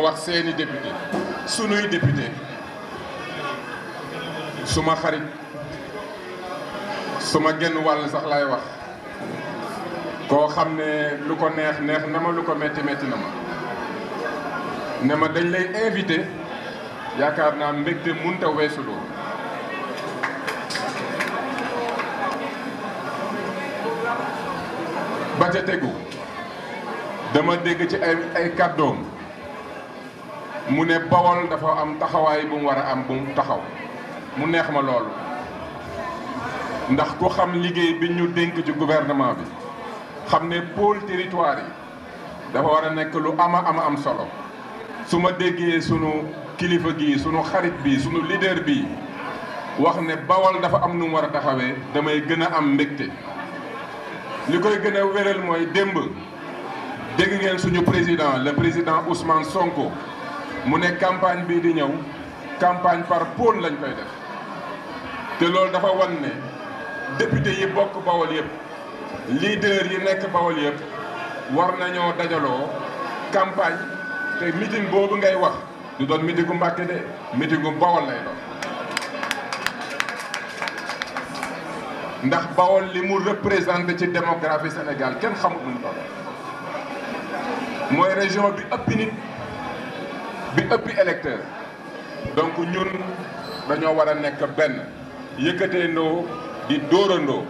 ma wax seeni député sunuy député suma xarit suma genn wàll sax laay wax koo xam ne lu ko neex neex na ma lu ko metti metti na ma ne ma dañ lay invité yaakaar naa mbégte munta weesu loolu ba ca tegu dama dégg ci ay kàddoom mu ne Bawol dafa am taxawaay bu mu war a am bu mu taxaw mu neex ma loolu ndax ku xam liggéey bi ñu dénk ci gouvernement bi xam ne pôle territoire yi dafa war a nekk lu ama ama am solo su ma déggee sunu kilifa gi sunu xarit bi sunu leader bi wax ne Bawol dafa am nu mu war a taxawee damay gën a am mbégte li koy gën a wéral mooy démb dégg ngeen suñu président le président Ousmane Sonko mu ne campagne bii di ñëw campagne par pôle lañ koy def te loolu dafa wan ne député yi bokk bawol yëpp leader yi nekk bawol yëpp war nañoo dajaloo campagne te meeting boobu ngay wax du doon meetingu Mbàkke de meetingu bawol lay doon ndax bawol li mu représenté ci démographie Sénégal kenn xamut mu toll mooy région bi ëpp nit bi ëppi électeur donc ñun dañoo war a nekk benn yëkkateendoo di dóorandoo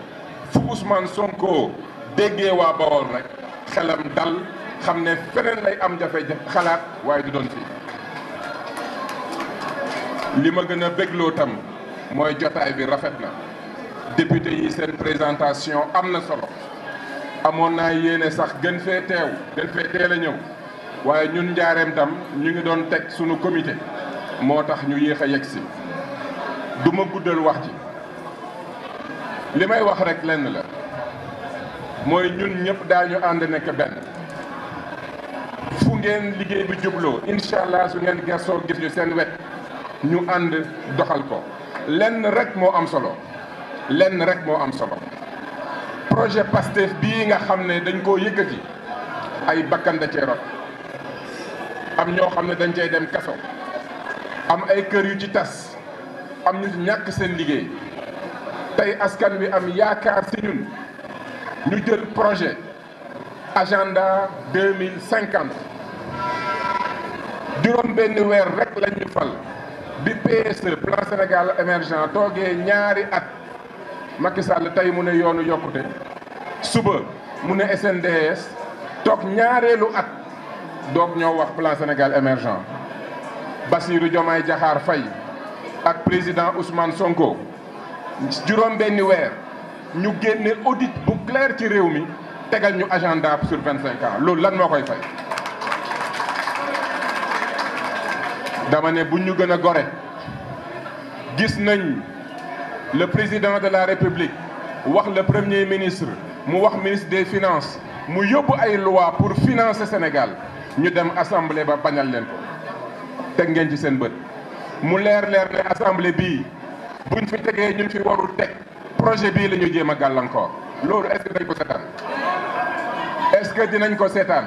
fu Ousmane Sonko déggee waa Bawol rek xelam dal xam ne feneen lay am jafe xalaat waaye di doon fii li ma gën a bégloo tam mooy jotaay bi rafet na député yi seen présentation am na solo amoon naa yéene sax gën fee teew gën fee teel a ñëw waaye ñun njaareem tam ñu ngi doon teg sunu comité moo tax ñu yéex a yegg si du ma guddal wax ji li may wax rek lenn la mooy ñun ñëpp daañu ànd nekk benn fu ngeen liggéey bi jubloo incha allah su ngeen gersoo gis ñu seen wet ñu ànd doxal ko lenn rek moo am solo lenn rek moo am solo projet PASTEF bii nga xam ne dañ koo yëkkati ay bakkan da am ñoo xam ne dañ cay dem kaso am ay kër yu ci tas am ñu ñàkk seen liggéey tey askan wi am yaakaar si ñun ñu jël projet agenda deux cinquante juróom benn weer rek lañ ñu fal bi PSE plan Sénégal émergent toogee ñaari at Macky Sall tey mu ne yoonu yokkute suba mu ne SNDS toog ñaareelu at donc ñoo wax plan Sénégal émergent Bassirou Diomaye Diakhar fay ak président Ousmane Sonko juróom benni weer ñu génne audit bu clair ci réew mi tegal ñu agenda sur vingt cinq loolu lan moo koy fay dama ne bu ñu gën a gore gis nañ le président de la république wax le premier ministre mu wax ministre des finance mu yóbbu ay loi pour financer Sénégal ñu dem assemblée ba bañal leen ko teg ngeen ci seen bët mu leer leer ne assemblée bii buñ fi tegee ñun fi warul teg projet bii la ñu jéem a gàllankoor loolu est-ce ko seetaan est-ce que dinañ ko seetaan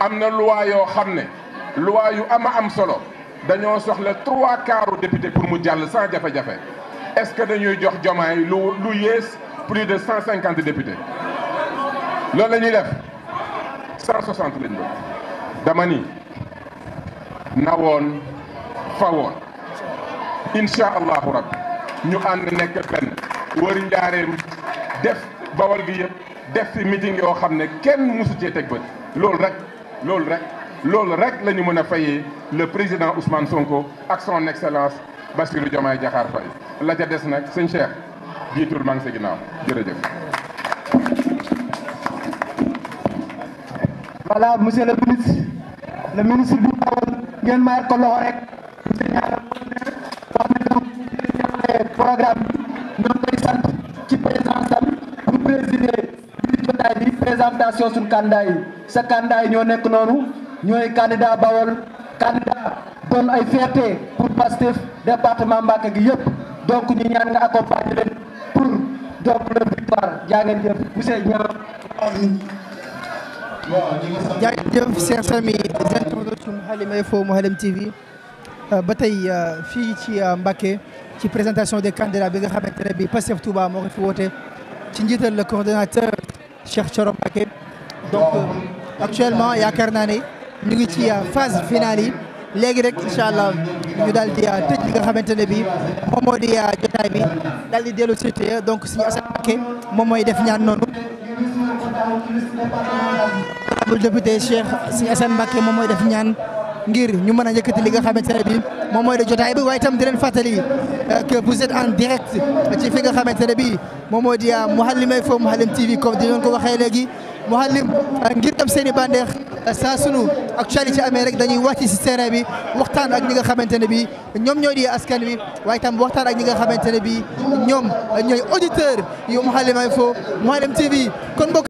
am na loi yoo xam ne loi yu ama am solo dañoo soxla trois quarts député pour mu jàll sans jafe-jafe est-ce que dañuy jox jomaay lu lu yées plus de cent cinquante députés loolu la ñuy def 160 lañ doon dama ni nawoon fawoon incha allahu rabbi ñu ànd nekk benn wër njaareem def bawal gi yëpp def fi meeting yoo xam ne kenn mësu cee teg bët loolu rek loolu rek loolu rek la mën a fayee le président Ousmane Sonko ak son excellence Bassirou Diomaye Diakhar Faye la ca des nag sëñ Cheikh jiitul maa ngi sa voilà monsieur la ministre le ministre bu Bawol ngeen mayal ko loxo rek programme bi ñoo koy sant ci présence bu présider bi jotaay bi présentation suñu candidat yi sa candidat ñoo nekk noonu ñooy candidat Bawol candidat doon ay fierté pour Pastef département Mbacké gi yëpp donc ñu ñaan nga accompagner leen pour donc leur victoire jaa ngeen jëf monsieur Niang jaajëf seen sami internautu Mouhalim Info Mouhalim TV euh, ba tey euh, fii ci euh, Mbacké ci présentation de candidats bi nga xamante ne bi Pastef Touba moo ko fi woote ci njiital la coordonnateur Cheikh Thioro Mbacké donc actuellement yaakaar naa ne ñu ngi ci phase finale yi léegi rek incha allah ñu daal di tëj nga xamante ne bi moom moo jotaay bi daal di dellu si donc suñu Assane moom mooy def ñaan noonu honorable député Cheikh Serigne Assane Mbacké moom mooy def ñaan ngir ñu mën a yëkkati li nga xamante ne bii moom mooy de jotaay bi waaye itam di leen fàttali euh, que vous êtes en direct ci fi nga xamante ne bii moom moo di euh, Mouhalim Info Mouhalim TV comme di leen ko waxee léegi Mouhalim euh, ngir tam seen i bànneex saa sunu actualité amee rek dañuy wàcc si terrain bi waxtaan ak ñi nga xamante ne bii ñoom ñoo di askan wi waaye itam waxtaan ak ñi nga xamante ne bii ñoom ñooy auditeur yu Mouhalim Info Mouhalim TV kon mbokk